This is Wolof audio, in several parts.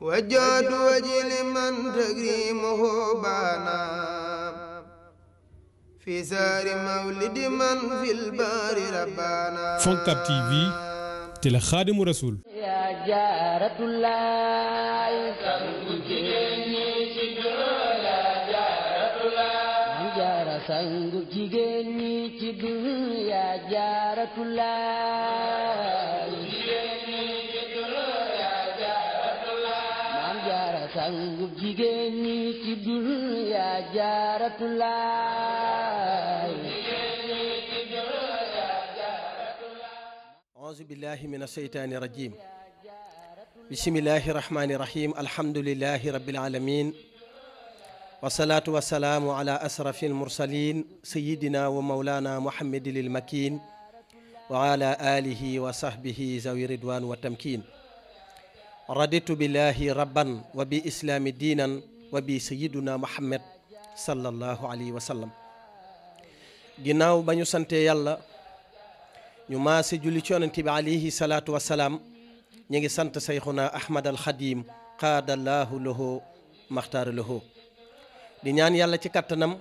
وجود وجه لمن تكريمه بانا في سار مولد من في البار ربانا فونكاب تي في تلا خادم رسول يا جارة الله sangu jigéen ñi ci dul yaa جارة الله أعوذ بالله من الشيطان الرجيم بسم الله الرحمن الرحيم الحمد لله رب العالمين والصلاة والسلام على أسرف المرسلين سيدنا ومولانا محمد المكين وعلى آله وصحبه زوي ردوان وتمكين رضيت بالله ربا وبإسلام دينا وبسيدنا محمد sallallahu alayhi wa sallam ginnaaw ba ñu sante yàlla ñu maase julli ci yonente bi alayhi salaatu wasalaam ñu ngi sant sayxuna ahmad al xadim qaadallahu lahu maxtaara lahu di ñaan yàlla ci kattanam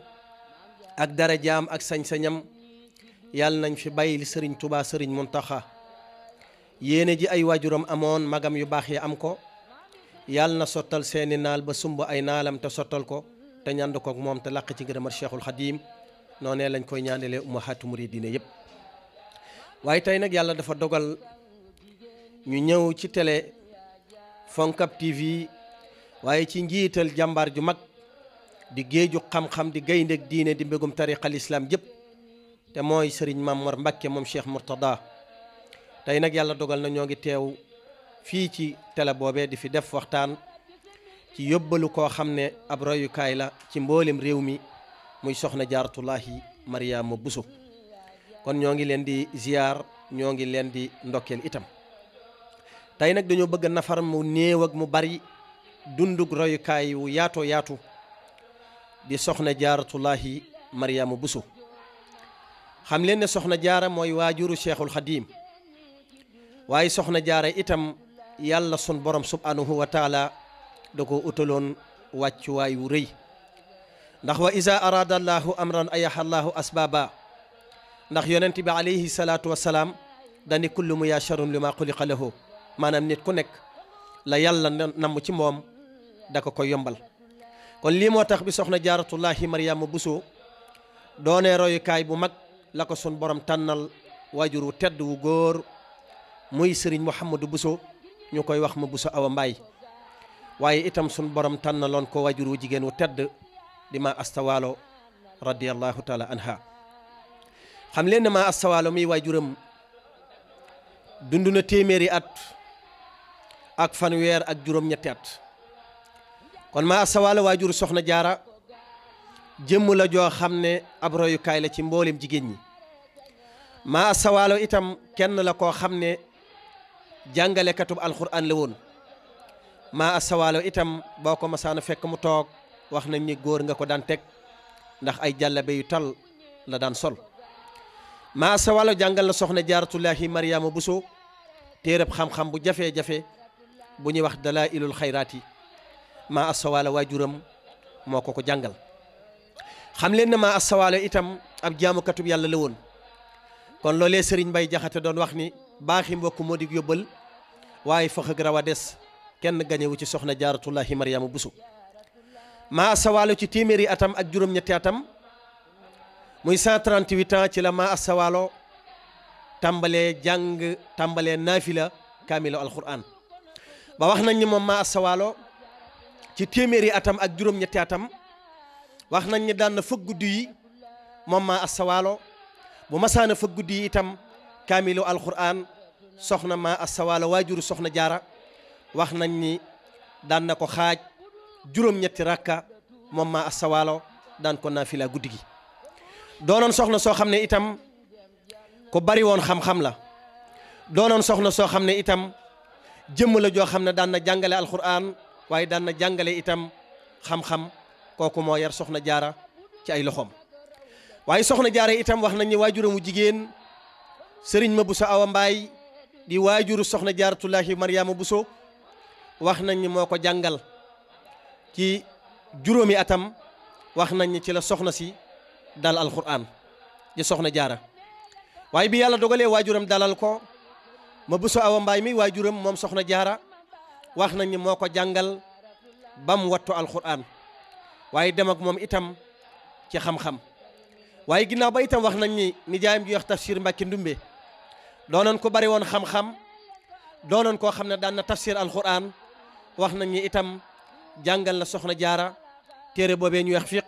ak darajaam ak sañ-sañam yàlla nañ fi bàyyil sëriñ tubaa sëriñ muntaxa yéene ji ay waajuram amoon magam yu baax yi am ko yàlla na sottal seeni naal ba sumb ay naalam te sottal ko te ñand ak mom te làq ci ngërëmal cheikhul khadim noné lañ koy ñaanalee ummahaatu muridine yëpp waye tay nak yàlla dafa dogal ñu ñëw ci télé fonkap TV waye ci njital jambar ju mag di geejju xam xam-xam di geyndek diine di mbégum tariqa l'islam yëpp te moy sëriñ mamour mbacké mom Cheikh murtada tay nak yàlla dogal na ñogi téw fi ci télé bobé di fi def waxtaan ci yóbbalu koo xam ne ab royukaay la ci mboolem réew mi muy soxna jaaratullahi Mariama Bousso kon ñoo ngi leen di ziar ñoo ngi leen di ndokkeel itam tey nag dañoo bëgg nafar mu néew ak mu bari dundug royukaay wu yaatoo yaatu di soxna jaaratullahi Mariama Bousso xam leen ne soxna jaara mooy waajuru cheikhul xadim waaye soxna jaara itam yàlla sun borom subhanahu wa taala da ko utaloon wàccuwaay wu rëy ndax wa isa arada allahu amran ayaha allahu asbaba ndax yonent bi alayhi salaatu wasalaam dani kullu muyaasharun li ma xuliqa lahu maanaam nit ku nekk la yàlla namm ci moom da ko koy yombal kon lii moo tax bi soxna jaaratullahi maryaama buso doonee royukaay bu mag la ko sun borom tànnal waajur wu tedd wu góor muy sëriñ muhammadu buso ñu koy wax ma buso awa mbaay waye itam sun borom tan lon ko wajuru jigen wu tedd di ma astawalo radiyallahu taala anha xam leen ma astawalo mi wajuram dunduna temeri at ak fan wer ak jurom netti at kon ma astawalo wajuru soxna jaara jëm la jo xamne ne ab kay la ci mbolim jigen ñi ma astawalo itam kenn la ko xamne jangale katub alquran la won maa asawaalo itam boo ko masaana fekk mu toog wax nañ ni góor nga ko daan teg ndax ay jàllabe yu tal la daan sol maa asawaalo jàngal na soxna jaaratullahi mariama buso téereb xam-xam bu jafe-jafe bu ñuy wax dalaa ilul xayraat yi maa waa waajuram moo ko ko jàngal xam leen ne maa asawaalo itam ab jaamukatub yàlla la woon kon loolee sëriñ Mbay Jaxate doon wax ni baaxi mbokk moo di yóbbal waaye fax ak rawa des kenn gañewu ci soxna jaaratullahi maryaama busu ma asawaalo ci téeméeri atam ak juróom-ñetti atam muy 138 ans ci la maa asawaalo tàmbalee jàng tàmbalee naafila kaamilo alquran ba wax nañ ni moom maa asawaalo ci téeméeri atam ak juróom-ñetti atam wax nañ ni daan na fëgg guddi yi moom maa asawaalo bu masaana fëgg guddi yi itam kaamilo alquran soxna maa asawaalo waajuru soxna jaara wax nañ ni daan na ko xaaj juróom-ñetti rakka moom maa asawaalo daan ko naafila guddi gi doonoon soxna soo xam ne itam ko bari woon xam-xam la doonoon soxna soo xam ne itam jëmm la joo xam ne daan na jàngale alxuraan waaye daan na jàngale itam xam-xam kooku moo yar soxna jaara ci ay loxoom waaye soxna jaara itam wax nañ ne waajuramu jigéen sëriñ ma bu buso awa mbaay di waajuru soxna jaaratullaahi maryaama buso wax nañ ni moo ko jàngal ci juróomi atam wax nañ ci la soxna si dal alxuraan di soxna jaara waaye bi yàlla dogalee waajuram dalal ko ma buso awa mbaay mi waajuram moom soxna jaara wax nañ ni moo ko jàngal bam wattu alxuraan waaye dem ak moom itam ci xam-xam waaye ginnaaw ba itam wax nañ ni nijaayam ji wax tafsir mbàkki ndumbe doonoon ko bari woon xam-xam doonoon koo xam ne daan na tafsir alxuraan wax nañ ni itam jàngal na soxna jaara téere boobee ñu wax fiq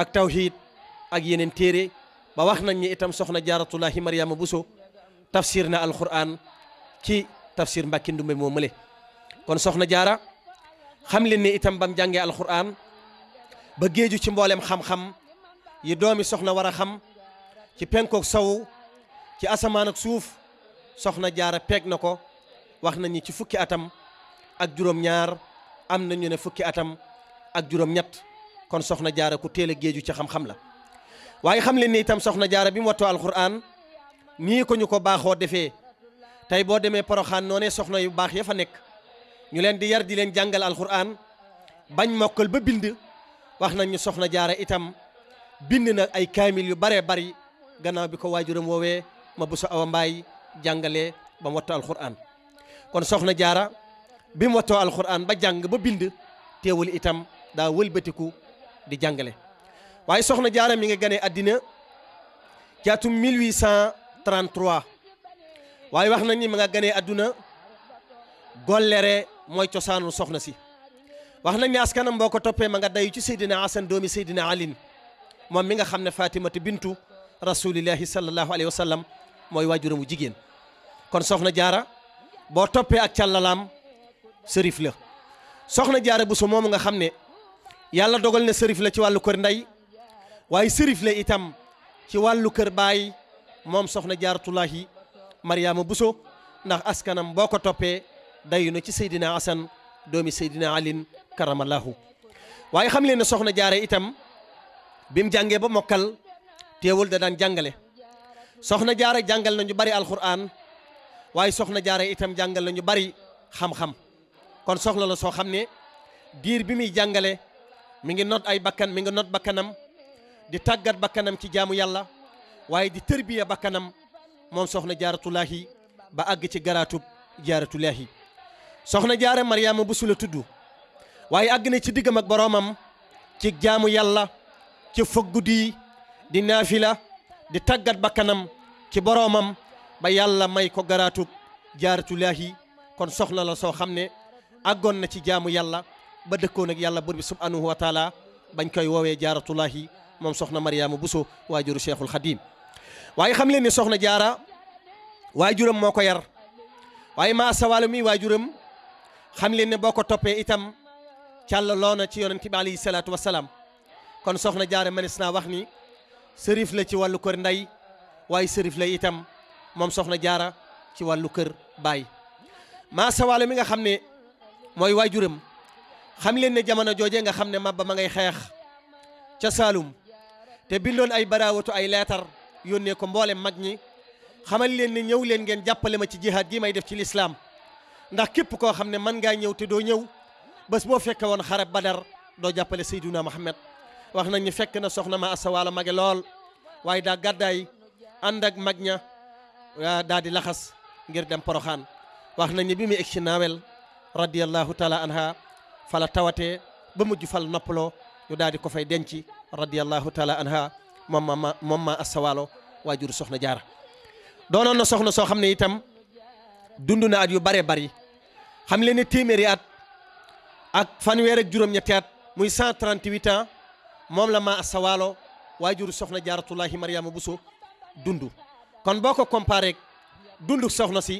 ak tawhid ak yeneen téere ba wax nañ ni itam soxna jaaratullahi mariama buso tafsir na alquran ci tafsir mbàkki ndumbe moo mële kon soxna jaara xam leen ni itam bam jàngee alquran ba géeju ci mboolem xam-xam yi doomi soxna war a xam ci penkook sowu ci asamaan ak suuf soxna jaara peeg na ko wax nañ ni ci fukki atam ak juróom-ñaar am na ñu ne fukki atam ak juróom-ñett kon soxna jaara ku teel a géeju ci xam-xam la waaye xam leen ni itam soxna jaara bi mu wattoo alxuraan nii ko ñu ko baaxoo defee tey boo demee poroxaan noonee soxna yu baax ya fa nekk ñu leen di yar di leen jàngal alxuraan bañ mokkal ba bind wax nañ ñu soxna jaara itam bind na ay kaamil yu baree bari gannaaw bi ko waa waajuram woowee ma bu sa awa mbaay jàngalee ba mu wattu alxuraan kon soxna jaara bi mu wattoo ba jàng ba bind teewul itam da wëlbatiku di jàngale waye soxna Jaara mi nga gane adina ci atum 1833 waye wax nañ ni nga gane aduna gollere moy ciosanu soxna si wax nañ ni askanam boko topé ma nga dayu ci sayidina hasan domi sayidina ali mom mi nga xamne Fatimatu bintu rasulillahi sallallahu alayhi wasallam moy wajuramu jigen kon soxna Jaara bo topé ak càllalaam sërif la soxna jaara buso moomu nga xam ne yàlla dogal na sërif la ci wàllu kër ndey waaye sërif la itam ci wàllu kër baay moom soxna jaaratulaahi maryaama buso ndax askanam boo ko toppee dayu na ci seydina asan doomi seydina alin karamallahu waaye xam leen soxna jaara itam bi jàngee ba mokkal teewul da daan jàngale soxna jaara jàngal nañu bari alxuraan waaye soxna jaara itam jàngal nañu bari xam-xam kon soxla la soo xam ne diir bi muy jàngale mi ngi not ay bakkan mi ngi not bakkanam di tàggat bakkanam ci jaamu yàlla waaye di tërbiya bakkanam moom soxna jaaratulaahi ba àgg ci garaatub jaaratulaahi soxna jaara maryaama bu su la tudd waaye àgg na ci diggam ak boroomam ci jaamu yàlla ci foggu di di naafila di tàggat bakkanam ci boroomam ba yàlla may ko garaatub jaaratulaahi kon soxna soo xam ne agon na ci jaamu yàlla ba dëkkoon ak yàlla burbi subhanahu wa taala bañ koy wowe jaratullah mom soxna maryam buso wajuru cheikhul khadim waye xam leen ni soxna jara wajuram moko yar waye ma sawaalu mi xam leen ni boko topé itam càll loona ci yonnati bi alayhi salatu wassalam kon soxna jara manisna wax ni sërif la ci walu kër nday waye sërif la itam mom soxna jara ci walu kër bay maa sawaalu nga moy wajurum xam leen ne jamono jooje nga xamné mabba ma ngay xex ca salum te bindon ay barawatu ay letter yonne ko mbolé magni xamal leen ne ñëw leen ngeen jàppale ma ci jihad gi may def ci l'islam ndax képp ko xamné man nga ñëw te do ñëw bés bo fekk won xare Badar do jàppale sayyiduna Muhammad wax nañ ni fekk na soxna ma asawala mage lol waaye da gaday ànd ak mag di laxas ngir dem poroxan wax nañ ni bi mu egg si radiyallahu taala anha fala tawatee ba mujj fal noppaloo ñu daal di ko fay denc radiyallahu taala anha moom ma moom ma asawaalo waajur soxna jaara doonoon na soxna soo xam ne itam dund na at yu bare bari xam leen ne téeméeri at ak fanweer ak juróom-ñetti at muy moom la ma asawaalo waajur soxna jaaratullahi mariama buso dund kon boo ko comparé dund soxna si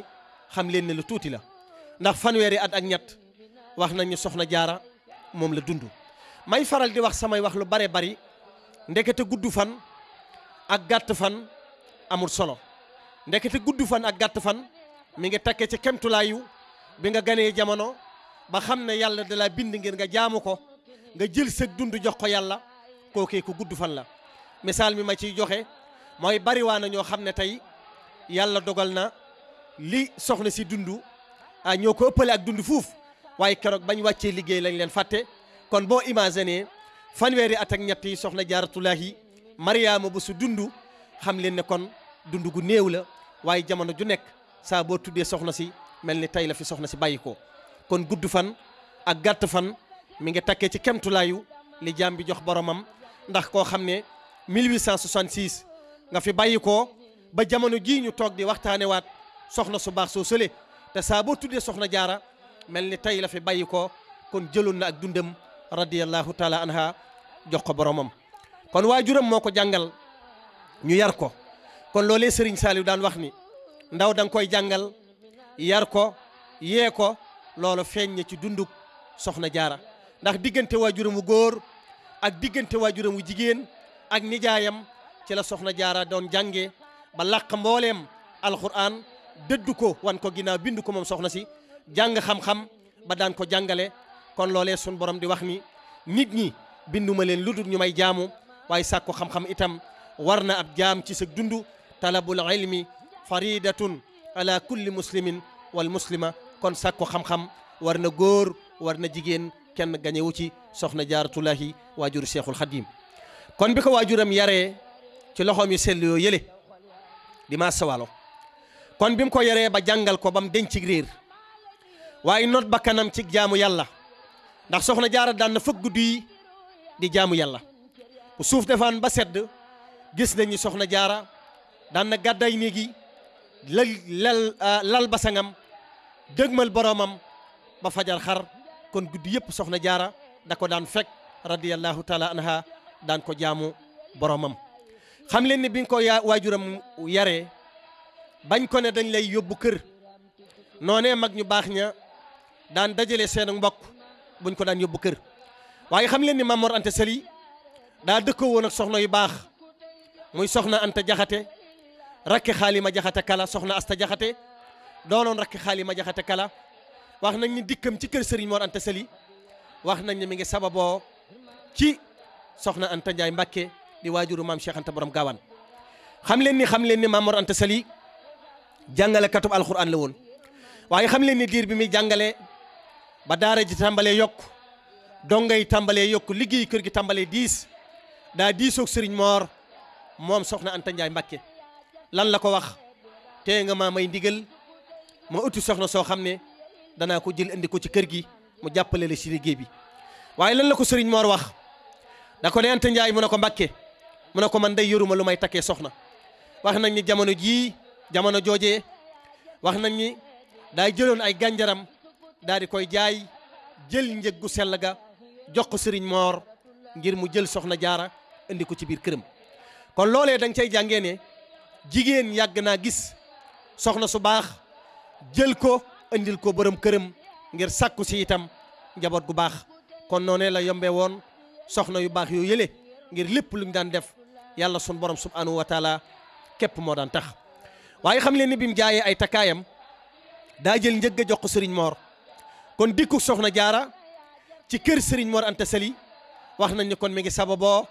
xam leen ne lu tuuti la ndax fanweeri at ak ñett wax nañu soxna jaara moom la dund may faral di wax samay wax lu bare bari ndekete gudd fan ak gàtt fan amul solo ndekete gudd fan ak gàtt fan mi ngi takke ci kemtulaayu bi nga ganee jamono ba xam ne yàlla da laa bind ngir nga jaamu ko nga jël sa dund jox ko yàlla kookee ku gudd fan la misaal mi ma ciy joxe mooy bari waa na ñoo xam ne tey yàlla dogal na li soxna si dund ah ñëw ko ëppale ak dund fuuf waaye keroog bañ wàccee liggéey lañ leen fàtte kon boo imaginer fanweeri at ak ñett yi soxna jaaratulaahi mariyaama bu su dund xam leen ne kon dund gu néew la waaye jamono ju nekk saa boo tuddee soxna si mel ni tey la fi soxna si bàyyi ko kon gudd fan ak gàtt fan mi ngi takkee ci kemtulaayu li jaam bi jox boromam ndax koo xam ne 1866 nga fi bàyyi ko ba jamono jii ñu toog di waxtaane waat soxna su baax soo sële te saa boo tuddee soxna jaara mel ni tey la fi bàyyi ko kon jëloon na ak dundam radiyallahu taala anha jox ko boromam kon waajuram moo ko jàngal ñu yar ko kon loolee Serigne Saliou daan wax ni ndaw da koy jàngal yar ko yee ko loolu feeñ ci dunduk soxna jaara ndax diggante waajuram wu góor ak diggante waajuram wu jigéen ak nijaayam ci la soxna jaara doon jànge ba làq mbooleem alquran dëddu ko wan ko ginaa bindu ko moom soxna si jàng xam-xam ba daan ko jàngale kon loolee sun borom di wax ni nit ñi binduma leen lu dul ñu may jaamu waaye sàkku xam-xam itam war na ab jaam ci sa dund talabul ilmi faridatun ala kulli muslimin wal muslima kon sàkku xam-xam war na góor war na jigéen kenn gañewu ci soxna jaaratulahi waajuru seexul xadiim kon bi ko waajuram yaree ci loxoom yu sell yoo yële di maa kon bim koyare ko yere ba jangal ko bam mu rir réer not ba bakkanam ci jaamu yalla ndax soxna jaara dan na fëgg di jaamu yalla bu suuf defan ba sedd gis nañu soxna jaara dan na gàdday néegi lal lal ah, basangam dëgmal boromam ba fajar xar kon guddi yep soxna jaara da ko daan fekk radiyallahu taala anha dan ko jaamu boromam xam leen ni bi nga ko ya-, wajuram yare bañ ko ne dañ lay yóbbu kër noonee mag ñu baax ña daan dajale seen mbokk buñ ko daan yóbbu kër waaye xam leen ni Maam Mor Anta Sali daa dëkkoo woon ak soxna yu baax muy soxna Anta Jaxate rakki xaalima jaxate kala soxna Asta Jaxate doonoon rakki xaalima jaxate kala wax nañ ni dikkam ci kër sëriñ Mor Anta Sali wax nañ ni mi ngi sababoo ci soxna Anta Ndiaye Mbacke di waajuru maam Cheikh Anta borom gaawaan xam leen ni xam leen ni Maam Mor Anta Sali jàngale katub alxuraan la woon waaye xam leen ne diir bi muy jàngale ba daara ji tàmbalee yokk donga yi tàmbalee yokk liggéey kër gi tàmbalee diis daa diisoog sëriñ moor moom soxna Anta Ndiaye Mbacke lan la ko wax tee nga maa may ndigal ma uti soxna soo xam ne danaa ko jël indi ko ci kër gi mu jàppale la ci liggéey bi waaye lan la ko sëriñ moor wax da ko ne Anta Ndiaye mu ne ko Mbacke mu ne ko man day yoruma lu may takkee soxna wax nañ ni jamono jii jamono Joje, wax nañ ni da jëlone ay ganjaram daal koy jaay jël njëg gu sell ga jox ko sëriñ ngir mu jël soxna jaara indi ko ci biir kërëm kon lolé dañ cey jàngee ne jigen yag na gis soxna su bax jël ko andil ko borom kërëm ngir sakku ci itam njaboot gu bax kon noné la yombé won soxna yu bax yu yele ngir lepp luñ daan def yalla sun borom subhanahu wa taala kep mo daan tax waaye xam leen ni bi mu jaayee ay takkaayam daa jël njëgg a jox ko Serigne Mor kon dikku soxna jaara ci kër Serigne Mor Anta Sali wax nañ ne kon mi ngi sababoo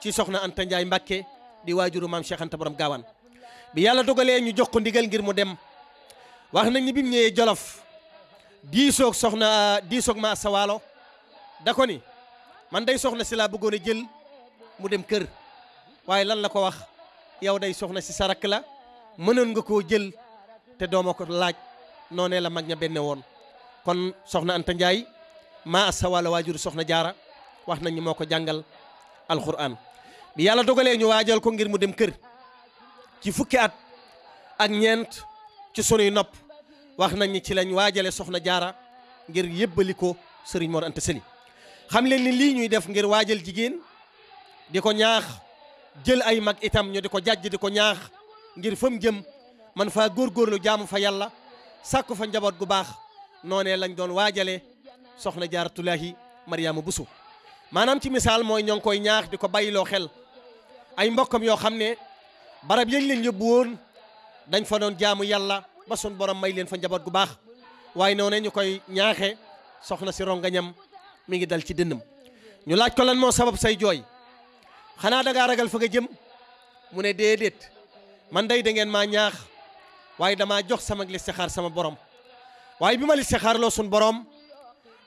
ci soxna Anta Ndiaye Mbacke di waajuru maam Cheikh Anta borom gaawaan bi yàlla dogalee ñu jox ko ndigal ngir mu dem wax nañ ni bi mu ñëwee Jolof diisoog soxna diisoog ma sawaalo da ko man day soxna si laa bëggoon a jël mu dem kër waaye lan la ko wax yow day soxna si sarak la mënoon nga ko jël te dooma ko laaj noné la magña benné won kon soxna Anta ndjay ma asawala wajur soxna jaara wax nañu moko jangal alquran bi yalla dogalé ñu wajal ko ngir mu dem kër ci fukki at ak ñent ci sunu nopp wax nañu ci lañ wajalé soxna jaara ngir yebbaliko serigne Mor Anta Sali xam leen ni li ñuy def ngir wajal jigen diko ñaax jël ay mag itam ñu diko jajj diko ñaax ngir fam jëm man gor lu jaamu fa yalla sakku fa njabot gu bax noné lañ doon wajalé soxna jaaratulaahi Mariama Busu manam ci misal moy ñong koy ñaax di bayilo xel ay mbokam yo xamné barab yeñ leen yóbbu won dañ fa doon jaamu yalla ba sun borom may leen fa njabot gu bax waaye noné ñukoy ñaaxé soxna si rongañam mi ngi dal ci dëndum ñu laaj ko lan mo sabab say joy xana da nga ragal fa ga jëm mu man day da ngeen maa ñaax waaye damaa jox sama listixaar sama borom waaye bi ma listixaarloo sun borom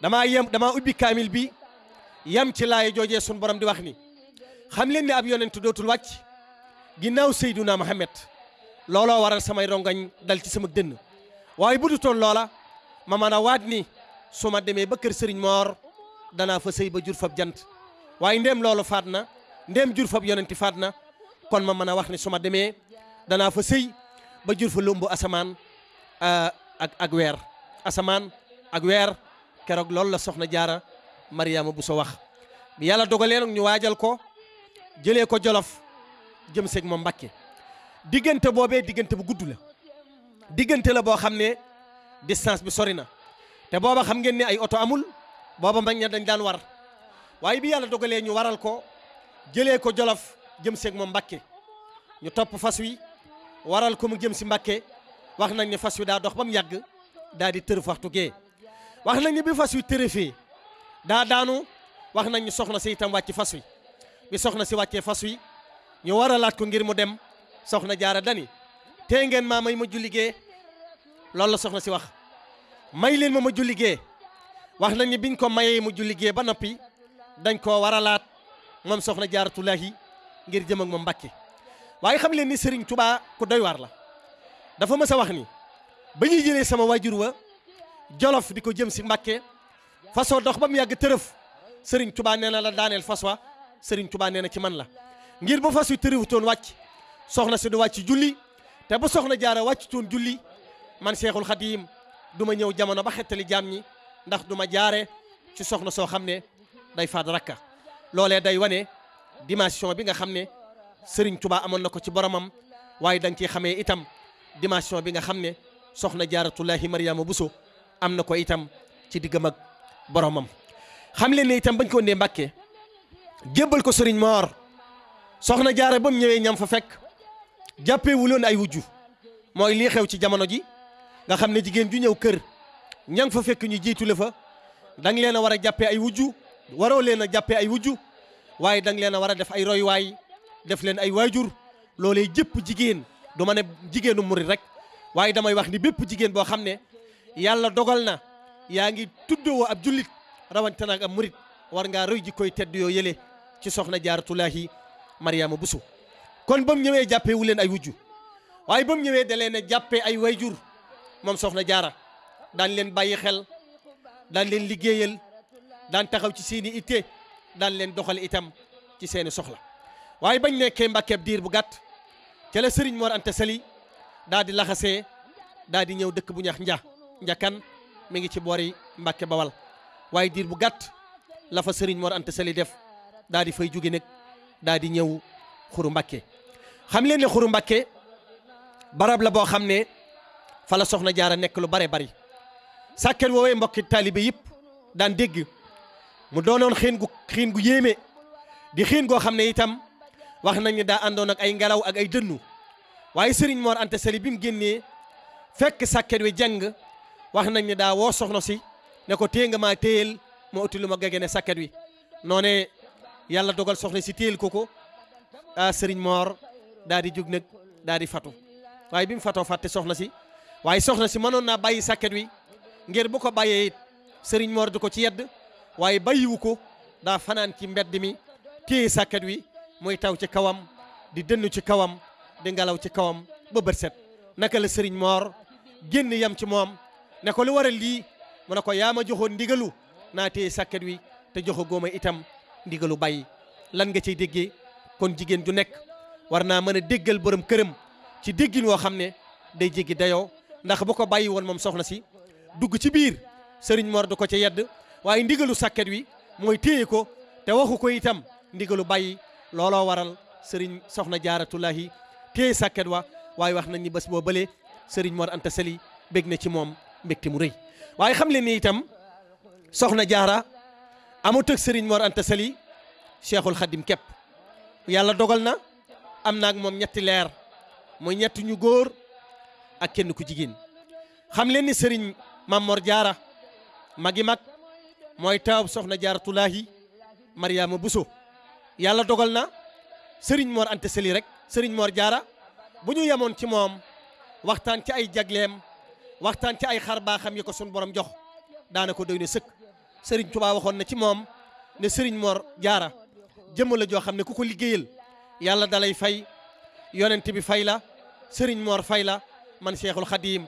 damaa yem damaa ubbi kaamil bi yam ci laay joojee sun borom di wax ni xam leen ne ab yonent dootul wàcc ginnaaw Seyduna Muhammad looloo waral samay rongañ dal ci sama dënn waaye bu dutoon loola ma mën a waat ni su ma demee ba kër Sëriñ Moor danaa fa sëy ba jur fab jant waaye ndéem loolu faat na ndéem jur fab yonenti faat na kon ma mën a wax ne su ma demee danaa fa sëy ba jur fa lumbu asamaan euh, ak ak weer asamaan ak weer keroog loolu la soxna jaara Mariama bu so wax bi yàlla dogalee nag ñu waajal ko jëlee ko jolof jëm seeg moom mbakki diggante boobee diggante bu gudd la boo xam ne distance bi sori na te booba xam ngeen ni ay oto amul booba mag ña dañ daan war waaye bi yàlla dogalee ñu waral ko jëlee ko jolof jëm seeg moom Mbàkke ñu topp fas wi waral ko mu jëm si Mbàkke wax nañ ne fas wi daa dox ba mu yàgg daa di tërëf waxtu gee wax nañ bi fas wi tërëfee daa daanu wax nañ ne soxna si itam wàcc fas wi bi soxna si wàccee fas wi ñu waralaat ko ngir mu dem soxna jaara dani tee ngeen maa may ma julligee loolu la soxna si wax may leen ma ma julligee wax nañ ne biñ ko mayee mu julligee ba noppi dañ koo waralaat moom soxna jaaratullahi ngir jëm ak moom Mbàkke waye xam leen ni Serigne Touba ku doy war la dafa ma sa wax ni ba jëlé sama wajur wa jolof diko jëm ci mbacké fas dox bam yag teureuf Serigne Touba neena la daaneel fas Serigne Touba neena ci man la. ngir bu fas teureuf ton wàcc soxna ci du wàcc julli te bu soxna jaara wacc ton julli man cheikhul khadim duma ñëw jamono ba xettali jaam ñi ndax duma jaare ci soxna so xamne day faad rakka lolé day wane dimension bi nga xamne Serigne Touba amoon na ko ci boromam waaye da nga ciy itam dimension bi nga xam ne soxna jaaratullahi Mariama Bousso am ko itam ci diggam ak boromam. xam leen itam bañ ko ndee Mbàkke jébbal ko Serigne Mor soxna jaara ba mu ñëwee ñam fa fekk jàppeewuloon ay wujju mooy lii xew ci jamono ji nga xam ne ju ñëw kër ña fa fekk ñu jiitu la fa da nga leen ay wujju waroo leen a ay wujju waaye da nga leen def ay royuwaay def leen ay waajur loolee jëpp jigéen du ma ne jigéenu murit rek waaye damay wax ni bépp jigéen boo xam ne yàlla dogal na yaa ngi tuddoo ab jullit rawante nag ab murit war ngaa roy ji koy tedd yoo yële ci soxna jaaratulaahi Mariama Busu kon ba mu ñëwee jàppee wu leen ay wujju waaye ba mu ñëwee da jàppee ay wayjur moom soxna jaara daan leen bàyyi xel daan leen liggéeyal daan taxaw ci seeni itte daan leen doxal itam ci seeni soxla waaye bañ nekkee mbàkkeeb diir bu gàtt ca la sëriñ Mor Anta Sali daa di laxasee daa di ñëw dëkk bu ñax nja njakan mi ngi ci boori mbàkke bawal waaye diir bu gàtt lafa fa sëriñ Mor Anta Sali def daa di fay jóge nag daa di ñëw xuru mbàkke xam leen ne xuru mbàkke barab la boo xam ne fa la soxna jaara nekk lu bare bari sàkket woowee mbokki taalibe yëpp daan dégg mu doonoon xiin gu xiin gu yéeme di xiin goo xam ne itam wax nañ ne daa àndoon ak ay ngelaw ak ay dënnu waaye sëriñ moor ante Sali bi mu génnee fekk sàkket wi jàng wax nañ ne daa woo soxna si ne ko téye nga maa téyel moo uti lu ma gege ne sàkket wi noone yàlla dogal soxna si téyel ko ko ah sëriñ Mor daa di jug nag daa di fatu waaye bi mu fatoo fàtte soxna si waaye soxna si mënoon naa bàyyi sàkket wi ngir bu ko bàyyee it sëriñ Mor du ko ci yedd waaye bàyyiwu ko daa fanaan ci mbedd mi téye sàkket wi mooy taw ci kawam di dënnu ci kawam di ngelaw ci kawam ba bët naka la sëriñ moor génn yam ci moom ne ko lu waral lii mu ne ko yaa ma joxoon ndigalu naa téye sàkket wi te joxo góoma itam ndigalu bay lan nga cay déggee kon jigéen ju nekk war naa mën a déggal borom këram ci déggin woo xam ne day jéggi dayoo ndax bu ko bàyyi woon moom soxna si dugg ci biir sëriñ Mor du ko ci yedd waaye ndigalu sàkket wi mooy téye ko te waxu ko itam ndigalu bàyyi looloo waral sëriñ soxna jaaratullahi téye sàkket wa waaye wax nañ ni bés boo bale sëriñ Mor Anta Sali bég na ci moom mbégte mu rëy waaye xam leen ni itam soxna jaara amut ak sëriñ Mor Anta Sali cheikhul xadim képp yàlla dogal na am naag moom ñetti leer muy ñetti ñu góor ak kenn ku jigéen xam leen sëriñ Mamor Jaara magi mag mooy taaw soxna Jaaratulaahi Mariama Buso yàlla dogal na Serigne Mor Anta Sali rek sëriñ moor Jaara bu ñu yemoon ci moom waxtaan ci ay jagleem waxtaan ci ay xar baaxam yi ko sun boroom jox daana ko doy ne sëkk sëriñ Touba waxoon na ci moom ne Serigne Mor Jaara jëmm la joo xam ne ku ko liggéeyal yàlla dalay fay yonent bi fay la sëriñ Mor fay la man Cheikhul Khadim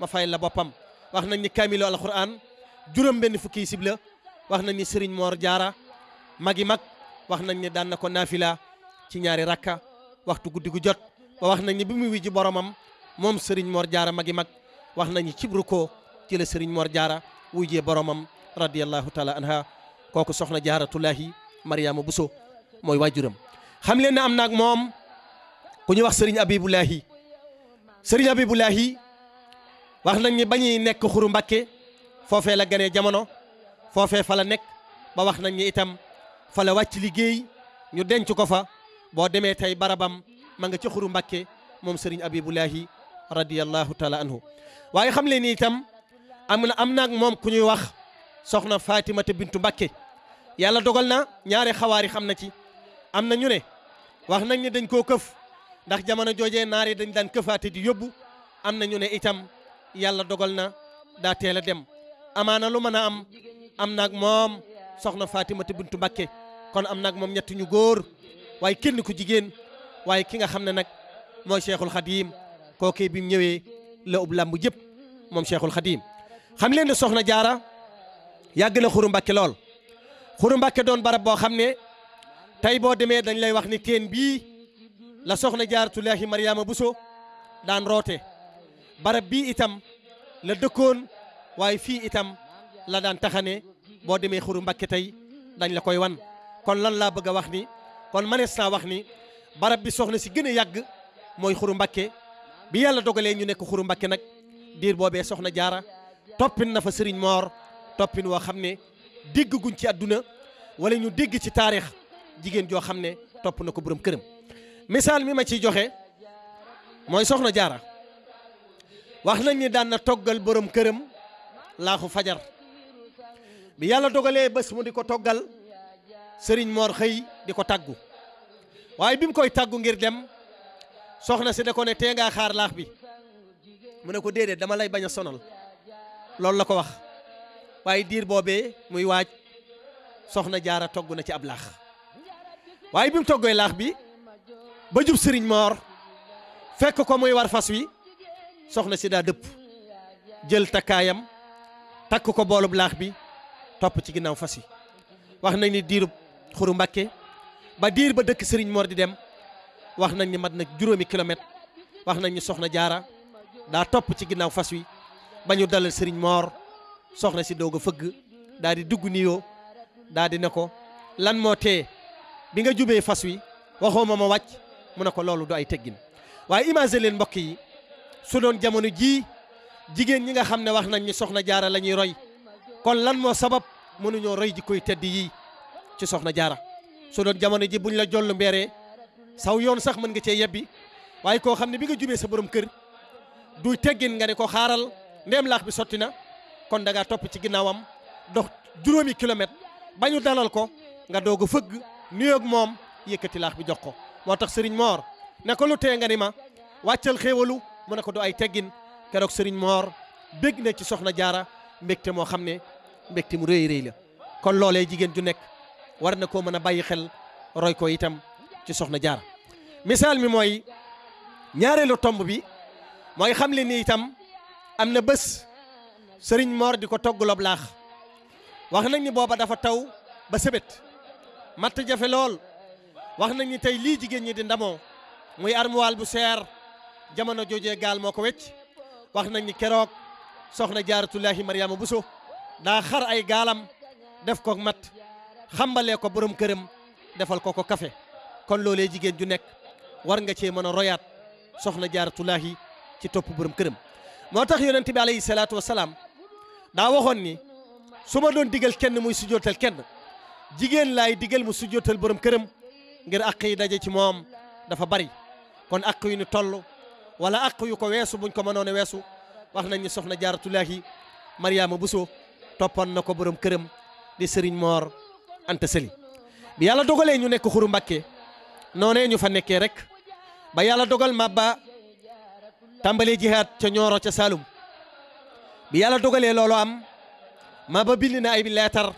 ma fay la boppam wax nañ ni kaamilu alquran juróom benn fukki sib wax nañ ni sëriñ moor Jaara magi mag wax nañ ne dan nako raka ci ñaari rakka waxtu guddi gu jot ba wax nañ ni bi mu wi boromam mom Serigne Mor jaara magi mag wax nañ ci ruko ci le Serigne Mor jaara boromam radiyallahu taala anha koku soxna Jaaratullahi maryam buso moy wajuram xam leen ne am nak mom ku ñu wax Serigne Abibulahi Serigne Abibulahi wax nañ ni bañi nek nekk xuru mbacke fofé la gané jamono fofé fa la nekk ba wax nañ ni itam fala wàcc ligey ñu denc ko fa bo deme tay barabam ma nga ci xuru mbacke mom Serigne Abibulahi radiyallahu taala anhu waye xam leen ni itam amna amna ak mom ku ñuy wax soxna Fatimata Bintu mbacke yàlla dogal na ñaari xawaari xam na ci amna ñu ne wax nañ ni dañ ko keuf ndax jamono jojé naari dañ dan keufati di yóbbu amna ñu ne itam yàlla dogal na da téla dem amana lu mëna am amna ak mom soxna fatima Bintu bakke kon am nak mom ñet ñu góor way kenn ku jigen way ki nga xamne nak nag Cheikhul Khadim kookee bi ñewé le ub làmb jep mom Cheikhul Khadim xam leen soxna jaara yag na xuru Mbakke lol xuru Mbakke doon barab bo xamne tay bo deme dañ lay wax ni teen bi la soxna lahi maryama Buso daan rote barab bi itam la dëkkoon way fi itam la daan taxane boo demee xuru Mbàkke tey dañ la koy wan kon lan laa bëgg a wax ni kon manees naa wax ni barab bi soxna si gën a yàgg mooy xuru Mbàkke bi yàlla dogalee ñu nekk xuru Mbàkke nag diir boobee soxna jaara toppin na fa sëriñ moor toppin woo xam ne dégg guñ ci àdduna wala ñu dégg ci taarix jigéen joo xam ne topp na ko borom këram misaal mi ma ciy joxe mooy soxna jaara wax nañ ni daan na toggal borom këram laaxu fajar bi yàlla dogalee bés mu di ko toggal sëriñ moor xëy di ko tàggu waaye bi mu koy tàggu ngir dem soxna si da ko ne tee ngaa xaar laax bi mu ne ko déedéet dama lay bañ a sonal loolu la ko wax waaye diir boobee muy waaj soxna jaara togg na ci ab laax waaye bi mu toggee laax bi ba sëriñ moor fekk ko muy war fas wi soxna si daa dëpp jël takkaayam takk ko boolub laax bi topp ci ginnaaw fas yi wax nañ ni diirub xuru Mbàkke ba diir ba dëkk Serigne Mor di dem wax nañ ni mat na juróomi kilomètre wax nañ ni soxna jaara daa topp ci ginnaaw fas wi ba ñu dalal Serigne Mor soxna si doog a fëgg daa di dugg niyoo daa di ne ko lan moo tee bi nga jubee fas wi waxoo ma ma wàcc mu ne ko loolu du ay teggin waaye imagine leen mbokk yi su doon jamono jii jigéen ñi nga xam ne wax nañ ni soxna jaara la ñuy roy kon lan moo sabab mënuñoo roy jikkoy tedd yii ci soxna jaara su doon jamono ji buñ la jollu mbeeree saw yoon sax mën nga cee yebbi waaye koo xam ne bi nga jubee sa borom kër du teggin nga ne ko xaaral ndeem laax bi sotti na kon da ngaa topp ci ginnaawam dox juróomi kilomètre bañu ñu dalal ko nga doog a fëgg nuyoog moom yëkkati laax bi jox ko moo tax sëriñ moor ne ko lu tee nga ni ma wàccal xéewalu mu ne ko du ay teggin keroog sëriñ moor bég na ci soxna jaara mbégte moo xam ne mbégte mu reey reey la kon lolé jigen ju nek war na ko meuna bàyyi xel roy ko itam ci soxna jaar misal mi moy ñaare lu tomb bi moy xam le ni itam amna bés sëriñ mor di ko togg lob laax wax nañ ni boba dafa taw ba sëbét matt jafe lol wax nañ ni tay li jigen ñi di ndamo muy armoal bu ser jamono jojé gal moko ko wecc wax nañ ni kérok soxna jaaratu jaaratullaahi maryaama buso da xar ay galam def ko mat xambalé ko borom kërëm defal ko ko kafe kon lolé jigen ju nek war nga ci mëna royat royaat soxna jaaratulaahi ci top borom kërëm motax tax bi alayhi salatu wassalam da waxon ni suma don digël kenn muy sujotal kenn jigen lay digël mu sujotal borom kërëm ngir àq yi daje ci mom dafa bari kon àq yu ñu tollu wala àq yu ko wessu buñ ko mënon wessu waxnañ ni soxna jaaratulaahi Mariama Bousso topon nako borom kërëm di Serigne Mor Anta seli bi yàlla dogalé ñu nek xuru mbacké noné ñu fa nekké rek ba yàlla dogal Mabba tambalé jihad ca ñoro ca salum bi yàlla dogalé loolu am Mabba bindina na ay leetar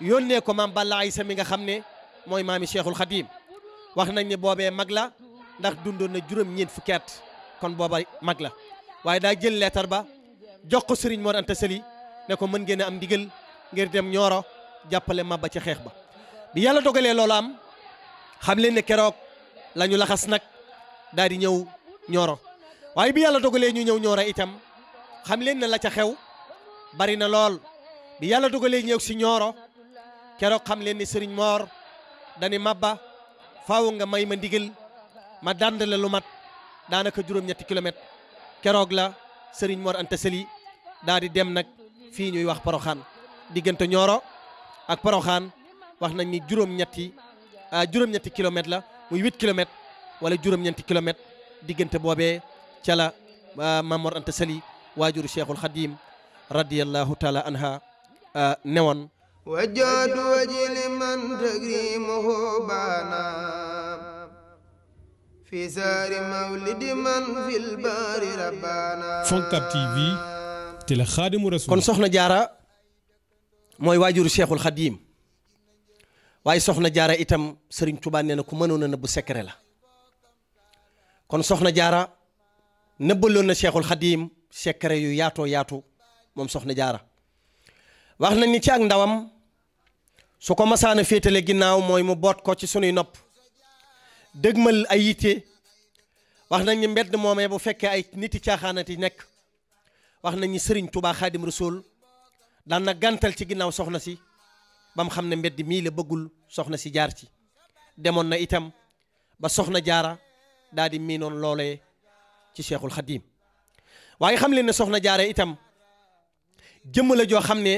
yonne ko mam Balla Aysa mi nga xamné moy mami Cheikhul Khadim wax nañ ni bobé magla ndax dundon na juroom ñeen fukkat kon bobay magla waye da jël leetar ba jox ko Serigne Mor Anta seli ne ko mën ngeen am ndigal ngir dem ñooro jàppale Maba ci xeex ba bi yàlla dogalee loolu am xam leen ne keroog lañu ñu laxas nag daal di ñëw ñooro waaye bi yàlla dogalee ñu ñëw Nioro itam xam leen ne la ca xew bari na lool bi yàlla dogalee ñëw si Nioro keroog xam leen ne Serigne Mor dani Maba faaw nga may ma ndigal ma dànd la lu mat daanaka juróom-ñetti keroog la Serigne Mor Anta Sali daal di dem nag. fi ñuy wax poroxaan diggante ñoro ak poroxaan wax nañ ni juroom ñetti ah, juroom ñetti kilomètre la muy 8 kilomètre wala juroom ñeenti kilomètre diggante bobé ci la ah, mamour Anta Sali wajur Cheikhul Khadim radiyallahu taala anha ah, newon وجاد wajil man tagrimuhu bana fi سار مولد man fil البار rabbana فونكاب tv te la xaadimu rasul kon soxna jaara mooy waajuru cheikhul xadim waaye soxna jaara itam sëriñ Tuubaa nee na ku mënoon a nëbb secret la kon soxna jaara nëbbaloon na cheikhul xadim secret yu yaatoo yaatu moom soxna jaara wax na ni ci ak ndawam su ko masaana féetale ginnaaw mooy mu boot ko ci sunuy nopp dëgmal ay yitte wax nañ ni mbedd moomee bu fekkee ay niti caaxaanati nekk wax nañ ni Serigne Touba Khadim Rasoul daan na gàntal ci ginnaaw soxna si ba mu xam ne mbedd mii la bëggul soxna si jaar ci demoon na itam ba soxna jaara daal di miinoon loolee ci Cheikhul Khadim waaye xam leen ne soxna jaara itam jëmm la joo xam ne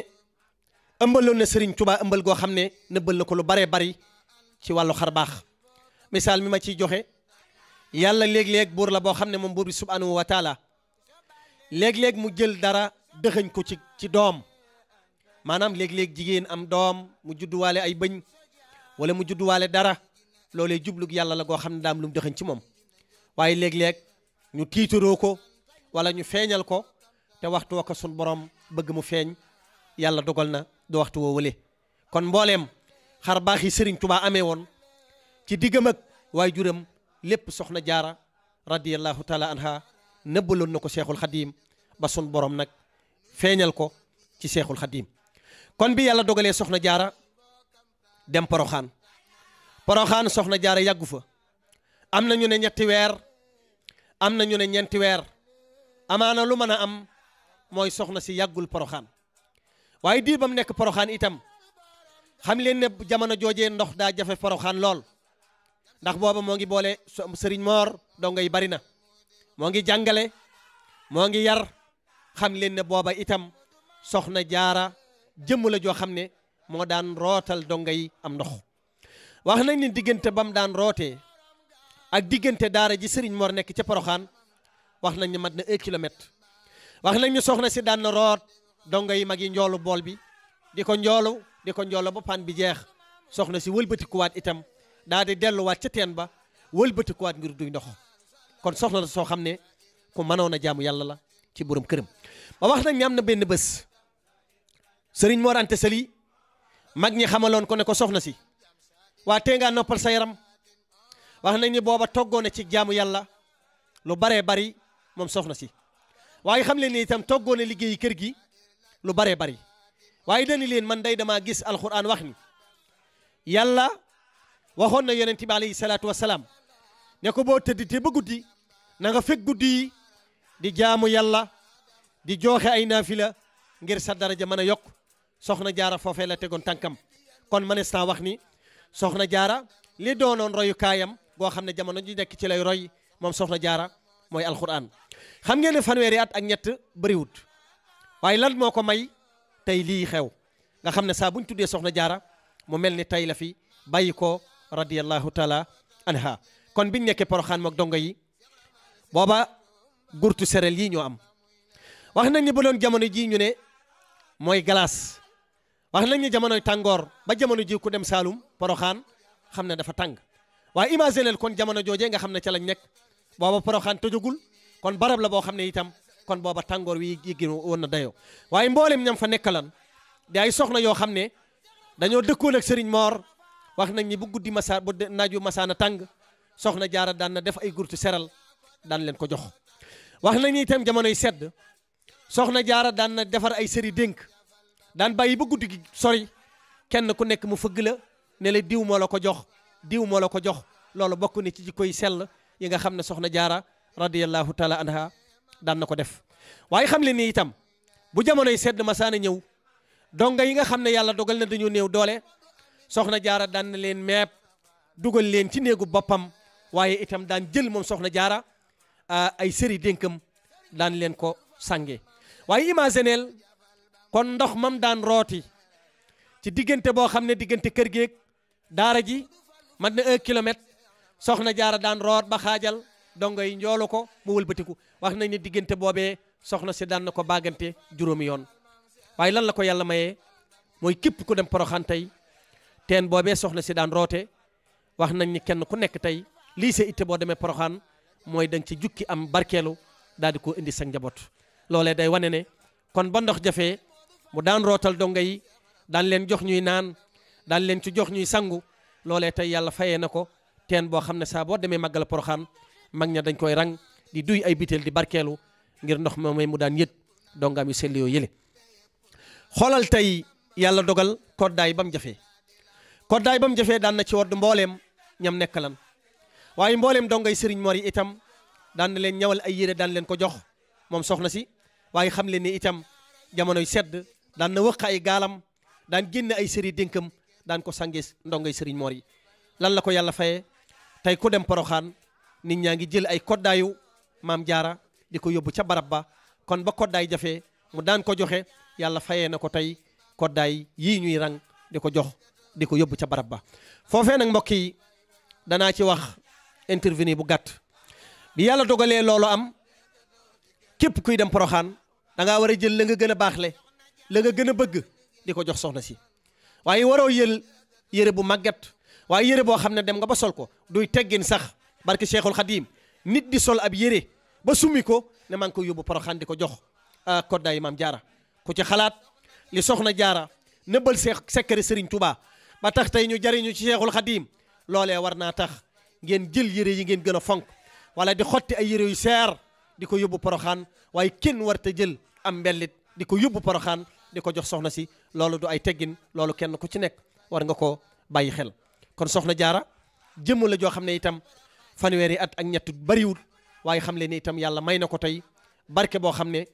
ëmbaloon na Serigne Touba ëmbal goo xam ne nëbbal lu baree bari ci wàllu xar baax mi ma ciy joxe yalla leg leg buur la boo xam ne moom bi subhanahu wa taala léeg-léeg mu jël dara dëxëñ ko ci ci doom maanaam léeg-léeg jigéen am doom mu judduwaale ay bëñ wala mu judduwaale dara loolee jublug yàlla la goo xam ne daam lu mu dëxëñ ci moom waaye léeg-léeg ñu tiitaroo ko wala ñu feeñal ko te waxtu wa ko sun borom bëgg mu feeñ yàlla dogal na du waxtu woo wële kon mbooleem xar baaxi sëriñ tubaa amee woon ci diggam ak waaye juram lépp soxna jaara radiyallahu taala anha nëbbaloon na ko seexul xadiim ba sun borom nag feeñal ko ci cheikhul xadiim kon bi yàlla dogalee soxna jaara dem poroxaan poroxaan soxna jaara yàggu fa am na ñu ne ñetti weer am na ñu ne ñeenti weer amaana lu mën am mooy soxna si yàggul poroxaan waaye diir bam nek nekk poroxaan itam xam leen ne jamono joojee ndox daa jafe poroxaan lool ndax booba moo ngi boole sëriñ moor dongay bari na moo ngi jàngale moo ngi yar xam leen ne booba itam soxna jaara jëmm la joo xam ne moo daan rootal donga yi am ndox wax nañ ne diggante ba mu daan rootee ak diggante daara ji sëriñ Mor nekk ca Poroxaan wax nañ ne mat na un wax nañ ne soxna si daan na root donga yi mag yi njoolu bool bi di ko njoolu di ko njoolu ba paan bi jeex soxna si wëlbatikuwaat itam daal di delluwaat ca teen ba wëlbatikuwaat ngir duy ndox kon soxla so xamne ku manona a jaamu yàlla la ci burum kërëm ba wax nak ñi amna benn bëss serigne morante Sali mag ñi xamalon ko ne ko soxna si wa tenga noppal sa yaram wax nañ ni boba toggoon na ci jaamu yàlla lu bare bari mom soxna si waye xam leen ni tam toggoon na liggéeyi kër gi lu bare bari waye dañ leen man day dama gis alquran wax ni yàlla waxon na yenen tibali sallatu salaatu ne ko boo tëddite ba guddi nanga nga fekk guddi di jaamu yàlla di jooxe ay naafila ngir sa daraja mën a yokk soxna jaara foofee la tegoon tànkam kon mënees naa wax ni soxna jaara li doonoon royu kaayam boo xam ne jamono ji nekk ci lay roy moom soxna jaara mooy alxuraan xam ngeen ne fanweeri at ak ñett bariwut waaye lan moo ko may tey lii xew nga xam ne saa buñ tuddee soxna jaara mu mel ni tey la fi bàyyi ko radiyallahu taala anha kon biñ nekké poroxane mok dongay yi gurtu serel yi ñu am wax nañ ni bu doon jamono ji ñu ne moy glace wax nañ ni jamono tangor ba jamono ji ku dem salum poroxane xamne dafa tang wa imaginer kon jamono jojé nga xamne ci lañ nekk boba poroxane tojugul kon barab la bo xamne itam kon boba tangor wi yegi woon na dayoo waaye mboolem ñam fa nekkalan di ay soxna yo xamne ne dañoo ak Serigne Mor wax nañ ni bu guddi masa bu naaju masaana tang soxna jaara daan na def ay gurtu seral daan leen ko jox wax nañu itam jamonoy sedd soxna jaara daan na defar ay sëri dénk daan bàyyi ba guddi gi sori kenn ku nekk mu fëgg la ne la diw moo la ko jox diw moo la ko jox loolu bokk ni ci koy yi sell yi nga xam ne soxna jaara radiyallahu taala anha daan na ko def waaye xam leen ni itam bu jamonoy sedd masaana ñëw donga yi nga xam ne yàlla dogal na dañu néew doole soxna jaara daan na leen meeb dugal leen ci néegu boppam waaye itam daan jël moom soxna jaara ay sëri dénkam daan leen ko sange waaye imagineel kon ndox mam daan rooti ci diggante boo xam ne diggante kër geek daara ji mat na un kilomètre soxna jaara daan root ba xaajal dongo yi njoolu ko mu wëlbatiku wax nañ ne diggante boobee soxna si daan na ko baagante juróomi yoon waaye lan la ko yàlla mayee mooy képp ku dem poroxaan teen boobe soxna si daan roote wax nañ ni kenn ku nekk tey lii sa itte boo demee Poroxaan mooy dañ nga ci jukki am barkeelu daal di ko indi sa njaboot loolee day wane ne kon ba ndox jafee mu daan rootal donga yi daan leen jox ñuy naan daan leen ci jox ñuy sangu loolee tey yàlla fayee na ko teen boo xam ne saa boo demee màggal Poroxaan mag ña dañ koy rang di duy ay biteel di barkeelu ngir ndox moo moomay mu daan yët dongaam yu sell yoo yële xoolal tey yàlla dogal koddaay ba mu jafee koddaay ba mu jafee daan na ci mbooleem ñam nekkalan waaye mbooleem dongay Serigne Mor yi itam daan na leen ñawal ay yére daan leen ko jox moom soxna si waaye xam leen ni itam jamonoy sedd daan na wëq ay gaalam daan génn ay sëri dénkam daan ko sange ndongay Serigne Mor yi lan la ko yàlla faye tey ku dem poroxaan nit ñaa ngi jël ay koddaayu maam jaara di ko yóbbu ca barab ba kon ba koddaay jafee mu daan ko joxe yàlla faye na ko tey koddaay yii ñuy rang di ko jox di ko yóbbu ca barab ba foofee nag mbokk yi danaa ci wax intervenir bu gàtt bi yàlla dogalee loolu am képp kuy dem poroxaan danga war a jël la nga gën a baaxle la nga gën a bëgg di ko jox soxna si waaye waroo yël yére bu màggat waaye yére boo xam ne dem nga ba sol ko duy teggin sax barke Cheikhul Khadim nit di sol ab yére ba summi ko ne maa ngi koy yóbbu poroxaan di ko jox koddaay maam jaara ku ci xalaat li soxna jaara nëbbal see sekkari Serigne Touba ba tax tey ñu jariñu ci Cheikhul Khadim loolee war naa tax ngeen jël yére yi ngeen gën a fonk wala di xotti ay yére yu seer di ko yóbbu poroxaan waaye kenn war te jël am mbellit di ko yóbbu poroxaan di ko jox soxna si loolu du ay teggin loolu kenn ku ci nekk war nga ko bàyyi xel kon soxna jaara jëmm la joo xam ne itam fanweeri at ak ñett bariwul waaye xam leen ni itam yàlla may na ko tey barke boo xam ne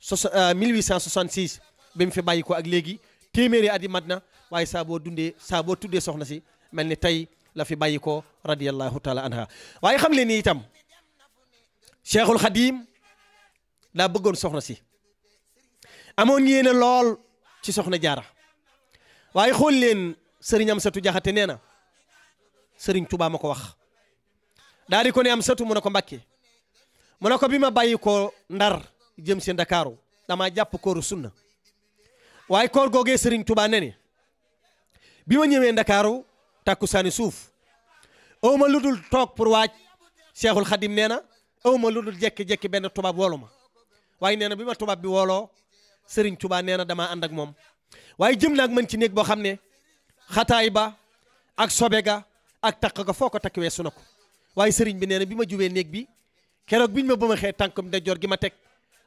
sos 1866 euh, bi mu fi bàyyi ko ak léegi téeméeri at yi mat na waaye saa dundee saa tuddee soxna si la fi bàyyi ko radiyallahu taala anha waaye xam leen ni itam cheikhul xadim daa bëggoon soxna si amoon yéene lool ci soxna jaara waaye xool leen sëriñ am satu jaxate nee na sëriñ tubaa ma ko wax daa di ko ne am satu mu ne ko mbàkke mu ne ko bi ma bàyyi ko ndar jëm si ndakaaru dama jàpp kooru sunna waaye koor googee sëriñ tubaa ne ni ma ñëwee ndakaaru takusani suuf awma ma tok pour waj Cheikhul Khadim neena awma aw jekki-jekki ben tubaab woluma way neena bima na bi wolo Serigne Touba neena dama ànd ak mom way jëm naag man ci néeg bo xamne ne ba ak sobe ga ak takka ga foo ko takk weesu Serigne bi neena bima juwe néeg bi kérok biñ ma ba xé tànkum de jor gi ma tek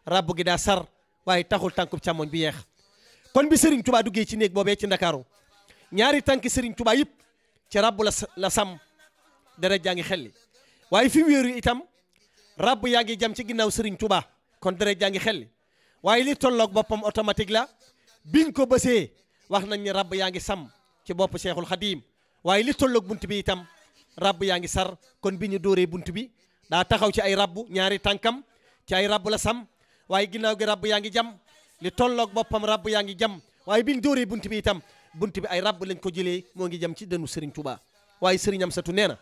rabbu gi da sar way taxul tànkum chamoñ bi yeex kon bi Serigne Touba duggé ci néeg bobé ci dakaro ñaari tanki Serigne Touba yëpp ci lasam la la sàmm dara jangi xelli fi wëru itam rabb yaa jam ci ginnaw Serigne Touba kon dara jangi ngi xelli waaye li tolloog bopam automatique la biñ ko sam. wax nañ ni rabb yaa ngi ci bop Cheikhul Khadim waye li buntu bi itam rabb yaa sar kon biñu ñu buntu bi nyari taxaw ci ay rabb ñaari tankam ci ay la sam waye ginnaw gi jam li tolloog Rabu yangi jam waye biñ dóoree buntu bi itam bunt bi ay ràbb lañ ko jëlee moo ngi jëm ci dënu Serigne Touba waaye Serigne Amsatu nee na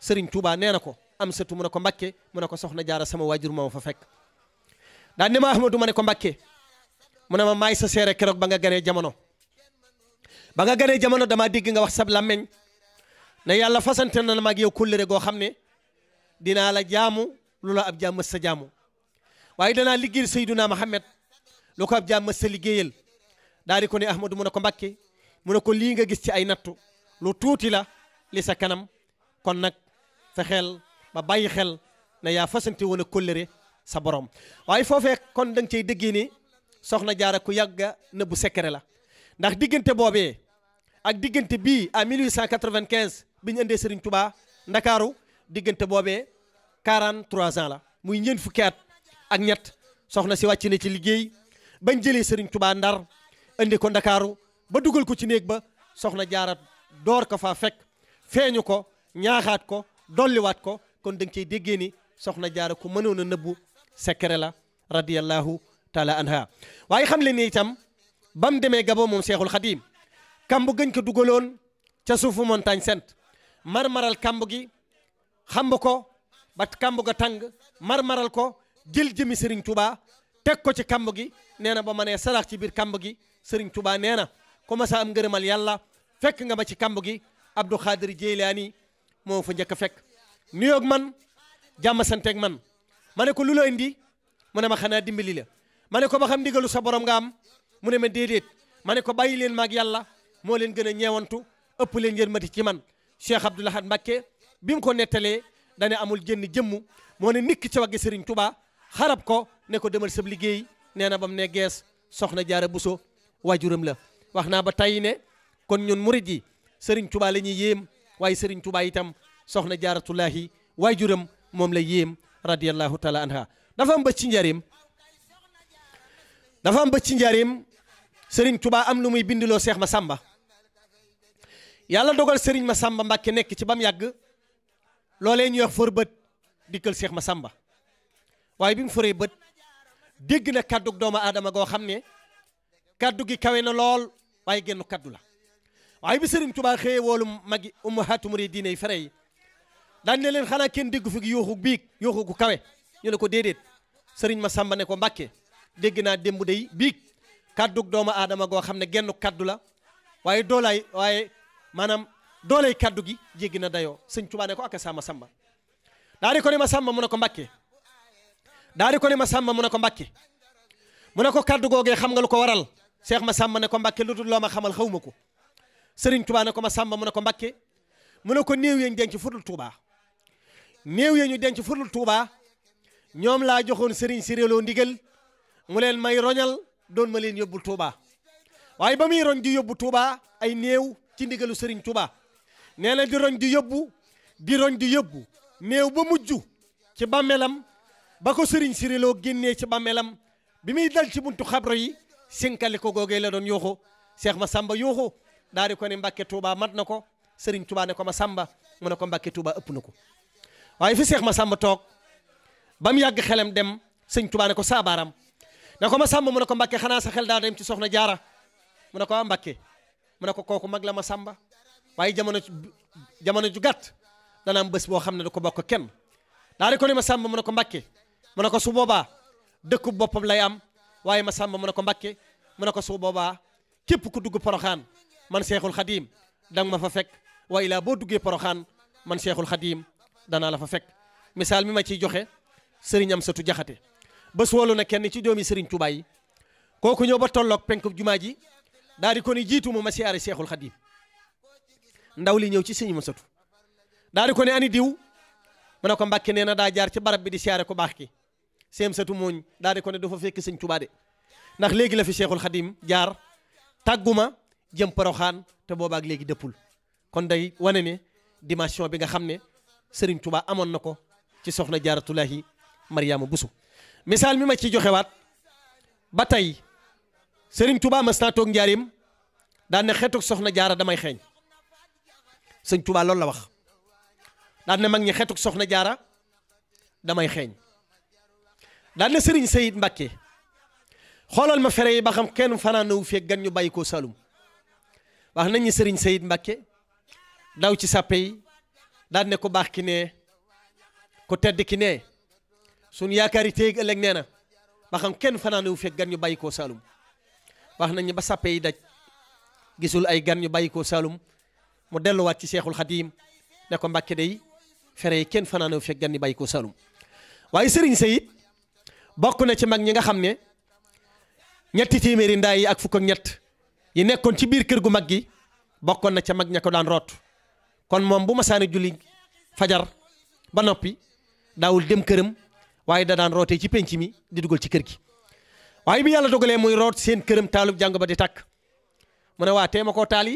Serigne Touba nee na ko Amsatu mu ne ko Mbakke mu ne ko soxna jaara sama waajur moo fa fekk. daan ne ma Ahmadu ma ne ko Mbakke mu ne ma maay sa seere keroog ba nga ganee jamono nga ganee jamono damaa dégg nga wax sab làmmeñ ne yàlla fasante na ma ak yow goo xam ne dinaa la jaamu lu ab jaam sa jaamu waaye danaa liggéey Seyduna Muhammad lu ko ab jaam mës sa liggéeyal. daa di ko ne ahmadou mu ne ko mbakke mu ne ko lii nga gis ci ay nattu lu tuuti la li sa kanam kon nag xel ba bàyyi xel na yaa fasante woon a kóllëre sa borom waaye foofee kon da nga cay déggee ni soxna jaara ku yàgga nëbbu secret la ndax diggante boobee ak diggante bii à 1895 bi ñu indee Serigne ndakaaru diggante boobee 43 la muy ñeent fukki at ak ñett soxna si wàcc na ci liggéey bañ jëlee Serigne Touba ndar andi ko ndakaaru ba dugal ko ci néeg ba soxna jaarat door ko fa fekk feeñu ko ñaaxaat ko dolliwaat ko kon da nga cey déggee ni soxna jaara ku mënoon a nëbbu secret la radiyallahu taala anha waaye xam le ni itam ba mu demee Gabon moom Seexul Xadiim kamb gëñ ko dugaloon ca suufu montagne sent marmaral kamb gi xamb ko ba kamb ga tàng marmaral ko jël jëmi Serigne Touba teg ko ci kamb gi nee na ba ma nee sarax ci biir kamb gi sëriñ Touba nee na ku ma sa am ngërëmal yàlla fekk nga ma ci kàmb gi Abdou Khadir moo fa njëkk a fekk nuyoog man jàmm santeeg man ma ne ko lu la indi mu ne ma xanaa dimbali la ma ne ko ba xam ndigalu sa borom nga am mu ne ma déedéet ma ne ko bàyyi leen maag yàlla moo leen gën a ñeewantu ëpp leen yërmati ci man Cheikh Abdoul Ahad Mbacké bi ko nettalee dane amul jënn jëmmu moo ne nikk ci wagge Serigne Touba xarab ko ne ko demal sab liggéey nee na ba mu ne gees soxna jaara buso waajuram la wax naa ba tey ne kon ñun murit yi Serigne Touba la ñuy yéem waaye sëriñ Touba itam soxna jaaratullahi waajuram moom la yéem radiyallahu taala anha dafa am bës ci njaareem dafa am bës ci njaareem Serigne Touba am lu muy bindiloo Seex ma Masamba yàlla dogal ma Masamba Mbàkke nekk ci ba mu yàgg loolee ñuy wax fër bët dikkal Seex Masamba waaye bi fëree bët dégg na kàddug doomu aadama goo xam ne kaddu gi kawe na lool waaye gennu kaddu la waaye bi sëriñ Tuubaa xëye woolu magi ummahaatu muridiina yi fere yi daan ne xanaa kenn déggu fi yooxu biig yooxu gu kawe ñu ne ko déedéet sëriñ ma sàmba ne ko mbàkke dégg naa démb day biig kaddug doomu aadama goo xam ne gennu kaddu la waaye doolaay waaye maanaam doolay kaddu gi jéggi na dayo sëñ Tuubaa ne ko ak saa ma sàmba daa di ko ne ma sàmba mu ne ko mbàkke daa ko ne ma sàmba mu ne ko mbàkke mu ne ko kaddu googe xam nga lu ko waral Cheikh Massamba ne ko Mbacke lu dul loo ma xamal xaw ma ko Serigne Touba ne ko Massamba mu ne ko Mbacke mu ne ko néew yañ denc fudul Touba néew yañu denc fudul Touba ñoom laa joxoon Serigne si réeloo ndigal mu leen may roñal doon ma leen yóbbul Touba waaye ba muy roñ di yóbbu Touba ay néew ci ndigalu Serigne Touba nee na di roñ di yóbbu di roñ di yóbbu néew ba mujj ci bàmmeelam ba ko Serigne si réeloo génnee ci bàmmeelam bi muy dal ci buntu xabro yi. sinkali ko goge la don yoxo Cheikh Massamba samba yoxo dari ko ni Mbacke Touba mat na Serigne Touba ne ko Massamba mu ne ko Mbacke Touba ëpp nako ko fi Cheikh ma samba tok bam yag xelam dem Serigne Touba ne ko sabaram ne ko Massamba mu ne ko Mbacke xana sa xel da dem ci soxna jaara mu ne ko Mbacke mu ne ko koku mag la samba waaye jamono jamono ju gàtt dana am bés bo xamne ko bokk kenn dari ko ne Massamba mu ne ko Mbacke mu ne ko su boba dëkku bopam lay am. waaye ma sàmba mu ne ko mbakke mu ne ko su boobaa képp ku dugg poroxaan man seexul xadiim danga ma fa fekk waaye laa boo duggee poroxaan man seexul xadiim danaa la fa fekk misaal mi ma ciy joxe sëriñ Amsatu Jaxate ba suwalu na kenn ci doomi sëriñ Tuubaa yi kooku ñëw ba tolloog penk jumaa ji daal di ko ni jiitu mu ma siyaare seexul xadiim ndaw li ñëw ci sëriñ Amsatu daal di ko ne ani diw mu ne ko mbakke nee na daa jaar ci barab bi di siyaare ko baax ki seem satu mooñ daal di ko ne dafa fekk sëñ Tuubaa de ndax léegi la fi Cheikhul Khadim jaar tàgguma jëm Poroxaan te boobaak léegi dëppul kon day wane ne dimension bi nga xam ne sëriñ Tuubaa amoon na ko ci soxna Jaaratulaahi Mariyaama Busu misaal mi ma ci joxewaat ba tey sëriñ Tuubaa mas naa toog njaarim daan ne xetuk soxna jaara damay xeeñ sëñ Tuubaa loolu la wax daan ne mag ñi xetuk soxna jaara damay xeeñ daan na sëriñ sayid Mbàkke xoolal ma fere yi ba xam kenn fanaanawu fee gan ñu bàyyi koo Saloum wax nañ ñu sëriñ sayid mbakke daw ci sàppe yi daan ne ko baax ki ne ko tedd ki ne suñ yaakaari téeg ëllëg nee na ba xam kenn fanaanawu fee gan ñu bàyyi koo Saloum wax nañ ñu ba sàppe yi daj gisul ay gan ñu bàyyi koo Saloum mu delluwaat ci seexul xadiim ne ko Mbàkke day fere yi kenn fanaanawu fee gan ñu bàyyi koo Saloum waaye sëriñ sayid bokku na ci mag ñi nga xamne ñetti téeméeri nday ak fuk ak ñett yi nekkon ci biir kër gu mag gi na ci mag ñako daan rot kon mom bu saani julli fajar ba nopi dawul dem kërëm waye da daan roté ci penc mi di duggal ci kër gi waye bi yalla dogalé muy rot seen kërëm taalub jang ba di tak mu ne waa tee ma koo taal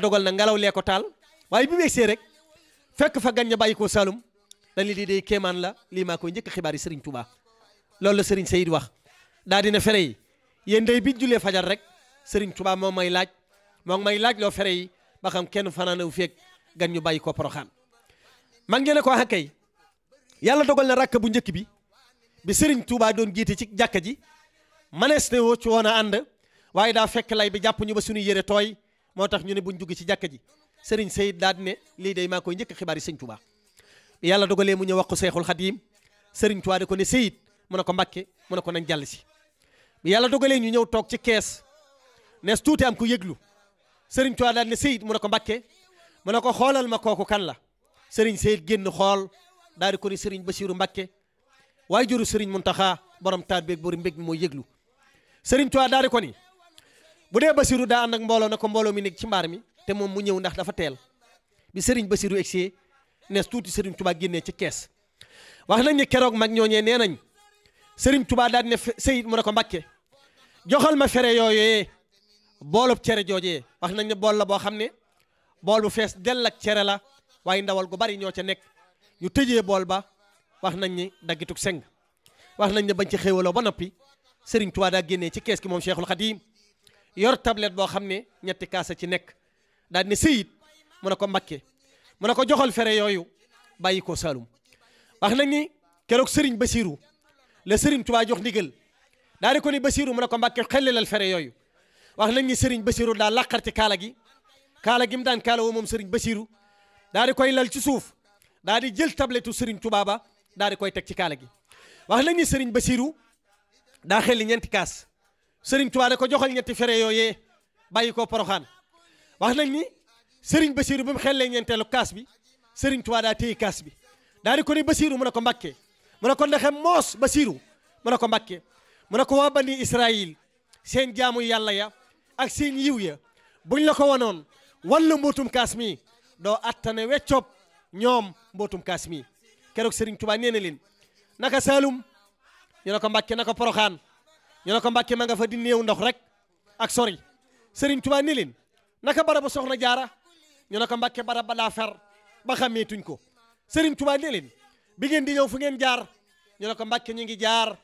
dogal na ngalaw ko tal waye bi wéxé rek fekk fa gagne bayiko salum dañu de day kéemaan la lii maa koy njëkk xibaar yi Serigne Touba loolu la Serigne Seyid wax daa dina fere yi yéen day biñ jullee fajar rek sëriñ Touba moom may laaj moom may laaj loo fere yi ba xam kenn fanaanawu feeg gan ñu bàyyi ko poroxaan man ngeen ko wax ah, kay yàlla dogal na rakk bu njëkk bi bi Serigne Touba doon jiite ci jàkka ji manees ne woo ci woon a ànd waaye daa fekk lay bi jàpp ñu ba suñu yére tooy moo tax ñu ne buñ jugg ci jàkka ji Serigne Seyid daal ne lii day maa koy njëkk xibaar yi Serigne yàlla dogalee mu ñëw wax ko seexul xadiim sëriñ Tuubaa di ko ne seyit mu ne ko mbàkke mu ne ko nañ jàll si yàlla dogalee ñu ñëw toog ci kees nees tuuti am ku yëglu sëriñ Tuubaa daal ne seyit mu ko mbàkke mu ne ko xoolal ma kooku kan la sëriñ seyit génn xool daal di ko ne sëriñ Basiiru mbàkke waaye juru sëriñ Muntaxa borom taat beeg borom mbég mi mooy yëglu sëriñ Tuubaa daal di ko ni bu dee Basiiru daa ànd ak mbooloo na ko mbooloo mi nekk ci mbaar mi te moom mu ñëw ndax dafa teel bi sëriñ Basiiru egsee nees tuuti Serigne Touba génnee ci kees wax nañ ni keroog mag ñooñee nee nañ sëriñ Touba daal ne Seyid mu ne ko Mbàkke joxal ma fere yooyee boolub cere joojee wax nañ ne bool la boo xam ne bool bu fees dell ak cere la waaye ndawal gu bari ñoo ca nekk ñu tëjee bool ba wax nañ ni daggitug seng wax nañ ne bañ ci xéewaloo ba noppi Serigne Touba génnee ci kees gi moom Cheikhul Khadim yor tablette boo xam ne ñetti kaasa ci nekk daal ne ko Mbàkke mu ne ko joxal fere yooyu bàyyi ko Saalum wax nañ ni keroog Serigne Basiru la Serigne Touba jox ndigal daa di ko ni Basiru mu ne ko Mbàkke lal fere yooyu wax nañ ni Serigne Basiru daa laqar ci kaala gi kaala gi mu daan kaala woo moom Serigne Basiru daa di koy lal ci suuf daa di jël tabletu serin Touba ba daa di koy teg ci kaala gi wax nañ ni Serigne Basiru daa xelli ñeenti kaas Serigne Touba da ko joxal ñetti fere yooyee bàyyi ko Poroxaan Sering Basiiru ba mu xellee ñeenteelu kaas bi sëriñ Tuubaa daa téye kaas bi daa di ko ni Basiiru mu ne ko Mbàkke mu ne ko ndaxe moos Basiiru mu ne ko mu ne bani Israel, seen jaamu yàlla ya ak seen yiw ya buñ la ko wanoon walla mbootum kaas mi do attane weccob ñoom mbootum kaas mi naka salum, ñu ne ko naka Poroxaan ñu ne ko Mbàkke ma nga fa di néew ndox rek ak sori naka barabu soxna jaara ñu ne ko mbàkke barab ba daa fer ba tuñ ko serigne touba leen bi ngeen di ñew fu ngeen jaar ñu ne ko ñi ngi jaar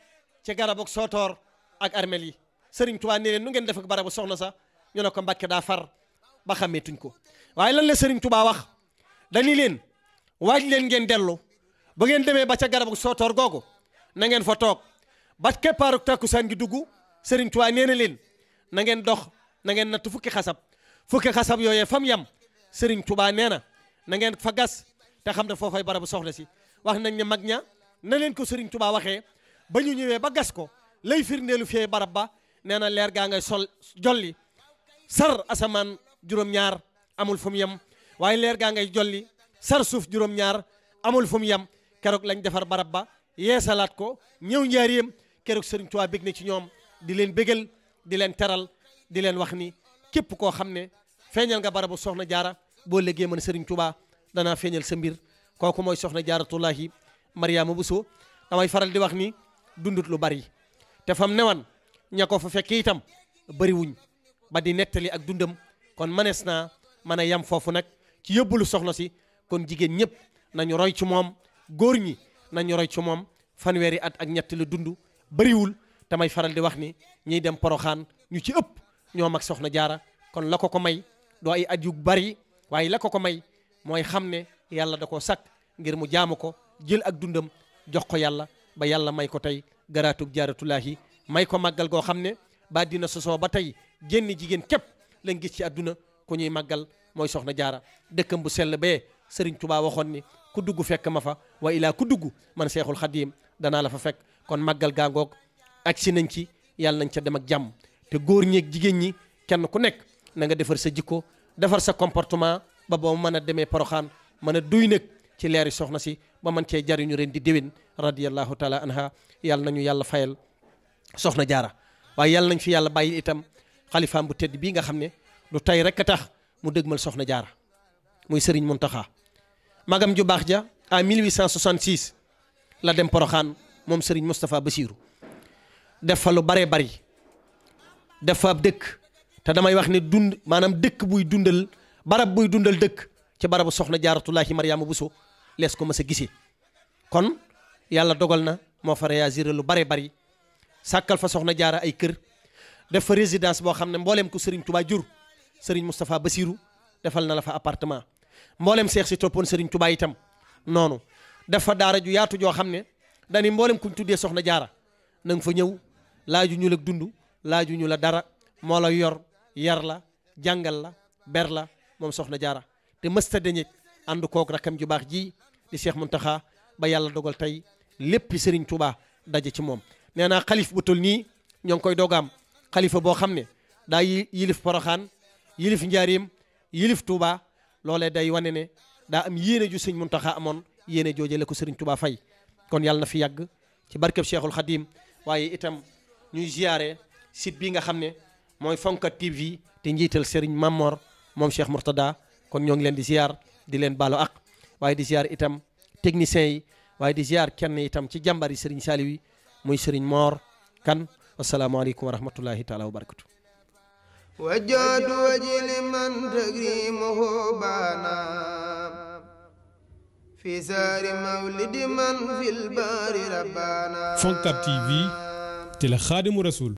ci garab ak sotor ak armel yi serigne touba ne nu ngeen def ak barabu soxna sa ñu ne ko da daa far ba tuñ ko waaye lan la serigne touba wax dañu leen waj leen ngeen delu ba ngeen démé ba garab ak sotor gogo na ngeen fa tok ba keppaaru takusan gi duggu serigne touba ngeen dox na ngeen nat fukki xassab fukki xassab yoyé fam yam sëriñ tubaa nee na na ngeen fa gas te xam ne foofay barabu soxla si wax nañ ne mag ña na leen ko sëriñ tubaa waxee ba ñu ñëwee ba gas ko lay firndeelu fee barab ba nee na leer gaa ngay sol jolli sar asamaan juróom-ñaar amul fu mu yem waaye leer gaa ngay jolli sar suuf juróom-ñaar amul fu mu yem keroog lañ defar barab ba yeesalaat ko ñëw ñaar njaareem keroog sëriñ tubaa bég na ci ñoom di leen bégal di leen teral di leen wax ni képp koo xam ne feñal nga barabu soxna jaara bo legge man Serigne Touba dana feñal sa mbir koku moy soxna jaaratullahi Mariama busso damay faral di wax ni dundut lu bari te fam newan ñako fa fekk itam bari wuñ ba di netali ak dundam kon manesna, mana yam fofu nak ci soxna si kon jigen ñep nañu roy ci mom góor ñi nañu roy ci mom fanweri at ak ñett lu dundu bari wul may faral di wax ni ñi dem poroxan ñu ci ñom ak soxna jaara kon lako ko may du ay at bari waaye la ko ko may mooy xam ne yàlla da koo sakk ngir mu jaamu ko jël ak dundam jox ko yàlla ba yàlla may ko tey garaatug jaaratulaahi may ko màggal goo xam ne ba dina sosoo ba tey génn jigéen képp lañ gis ci àdduna ku ñuy màggal mooy soxna jaara dëkkam bu sell bee sëriñ tubaa waxoon ni ku dugg fekk ma fa wa ilaa ku dugg man seexul xadiim danaa la fa fekk kon màggal gaa ngoog ak si nañ ci yàlla nañ ca dem ak jàmm te góor ñeeg jigéen ñi kenn ku nekk na nga defar sa jikko defar sa comportement ba bo meuna a demee meuna duy nek ci soxna si ba man ci jarignu ren di dewin radiyallahu taala anha yàlla nañu yalla fayal soxna jara waaye yàlla nañ fi yalla baye itam khalifa bu tedd bi nga xam ne du rek tax mu dëgmal soxna jara muy serigne Muntaxa magam ju bax ja à 1866 la dem poroxaan mom serigne Moustapha basirou def lu bare bari def fa ab te damay wax ne dund maanaam dëkk buy dundal barab buy dundal dëkk ci barabu soxna jaaratullaahi bu so lees ko ma sa gisee kon yàlla dogal na moo fa réagir lu bare bari sàkkal fa soxna jaara ay kër def fa résidence boo xam ne mbooleem ko Serigne Touba jur Serigne Moustapha Basirou defal na la fa apartement mboolem seex si toppoon Serigne Touba itam noonu def fa daara ju yaatu joo xam ne dani mboolem kuñ tuddee soxna jaara na fa ñëw laaju ñu la dund laaju la dara moo la yar la jàngal la ber la moom soxna jaara te mësta deñeej ànd kook rakkam ju baax ji di Cheikh Muntaxa ba yàlla dogal tey lépp Serigne Touba daje ci moom nee naa xalif bu tul nii ñoo ngi koy doogaam xalifa boo xam ne daa yilif poroxaan yilif njaarim yilif Touba loole day wane ne daa am yéene ju sëñ Muntaxa amoon yéene jooje la ko Serigne Touba fay kon yàlla na fi yàgg ci barkeb Cheikhul Khadim waaye itam ñuy ziyaare site bi nga xam ne mooy Fonkat TV di njiital Serigne Mamor moom Cheikh Mourtada kon ñoo ngi leen di ziar di leen baalu ak waaye di ziar itam techniciens yi waaye di ziar kenn itam ci jàmbar yi Serigne Saliou yi muy Serigne Mor kan asalaamaaleykum wa rahmatullahi taala barakatu وجاد وجه لمن تكريمه بانا في سار مولد من في البار ربانا فونكاب